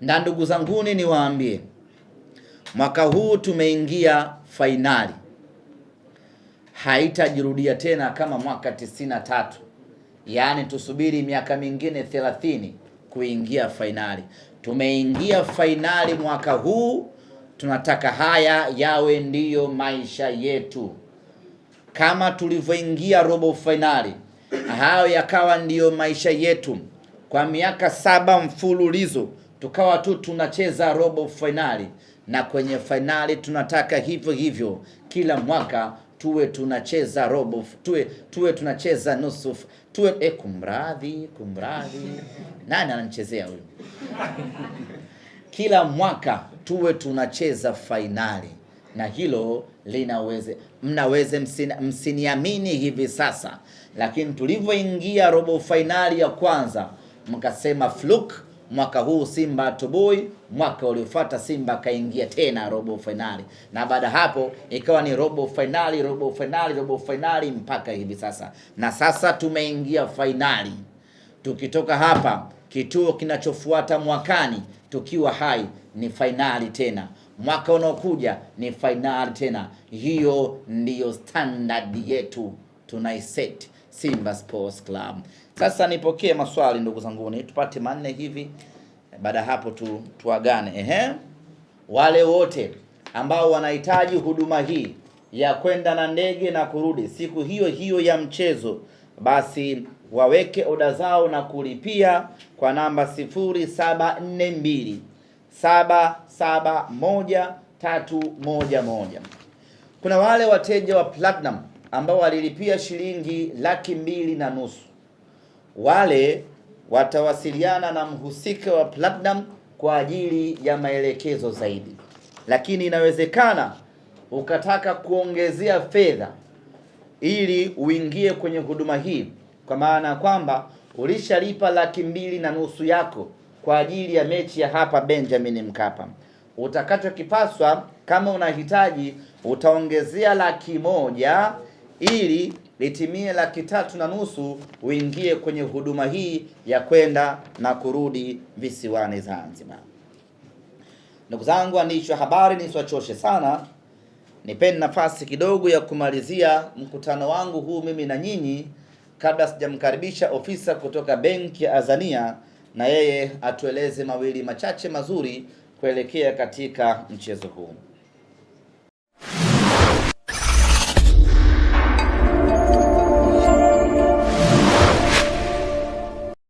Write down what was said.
Na ndugu zanguni, niwaambie mwaka huu tumeingia fainali, haitajirudia tena kama mwaka 93. Yaani tusubiri miaka mingine 30 kuingia fainali. Tumeingia fainali mwaka huu, tunataka haya yawe ndiyo maisha yetu, kama tulivyoingia robo fainali, hayo yakawa ndiyo maisha yetu kwa miaka saba mfululizo tukawa tu tunacheza robo fainali, na kwenye fainali tunataka hivyo hivyo, kila mwaka tuwe tunacheza robo, tuwe tuwe tunacheza nusu, tuwe e, kumradhi, kumradhi, nani ananichezea huyu? Kila mwaka tuwe tunacheza fainali, na hilo linaweze, mnaweze msiniamini hivi sasa, lakini tulivyoingia robo fainali ya kwanza mkasema fluke Mwaka huu Simba atubui, mwaka uliofuata Simba akaingia tena robo fainali, na baada hapo ikawa ni robo fainali, robo fainali, robo fainali mpaka hivi sasa, na sasa tumeingia fainali. Tukitoka hapa, kituo kinachofuata mwakani tukiwa hai ni fainali tena, mwaka unaokuja ni fainali tena. Hiyo ndiyo standard yetu tunaiseti. Simba Sports Club. Sasa nipokee maswali ndugu zanguni, tupate manne hivi, baada hapo tu tuagane. Ehe, wale wote ambao wanahitaji huduma hii ya kwenda na ndege na kurudi siku hiyo hiyo ya mchezo, basi waweke oda zao na kulipia kwa namba 0742 moja. Kuna wale wateja wa Platinum ambao walilipia shilingi laki mbili na nusu wale watawasiliana na mhusika wa Platinum kwa ajili ya maelekezo zaidi, lakini inawezekana ukataka kuongezea fedha ili uingie kwenye huduma hii, kwa maana ya kwamba ulishalipa laki mbili na nusu yako kwa ajili ya mechi ya hapa Benjamin Mkapa. Utakachokipaswa kama unahitaji, utaongezea laki moja ili litimie laki tatu na nusu uingie kwenye huduma hii ya kwenda na kurudi visiwani Zanzibar. Ndugu zangu waandishi wa habari, nisiwachoshe sana, nipeni nafasi kidogo ya kumalizia mkutano wangu huu mimi na nyinyi, kabla sijamkaribisha ofisa kutoka benki ya Azania na yeye atueleze mawili machache mazuri kuelekea katika mchezo huu.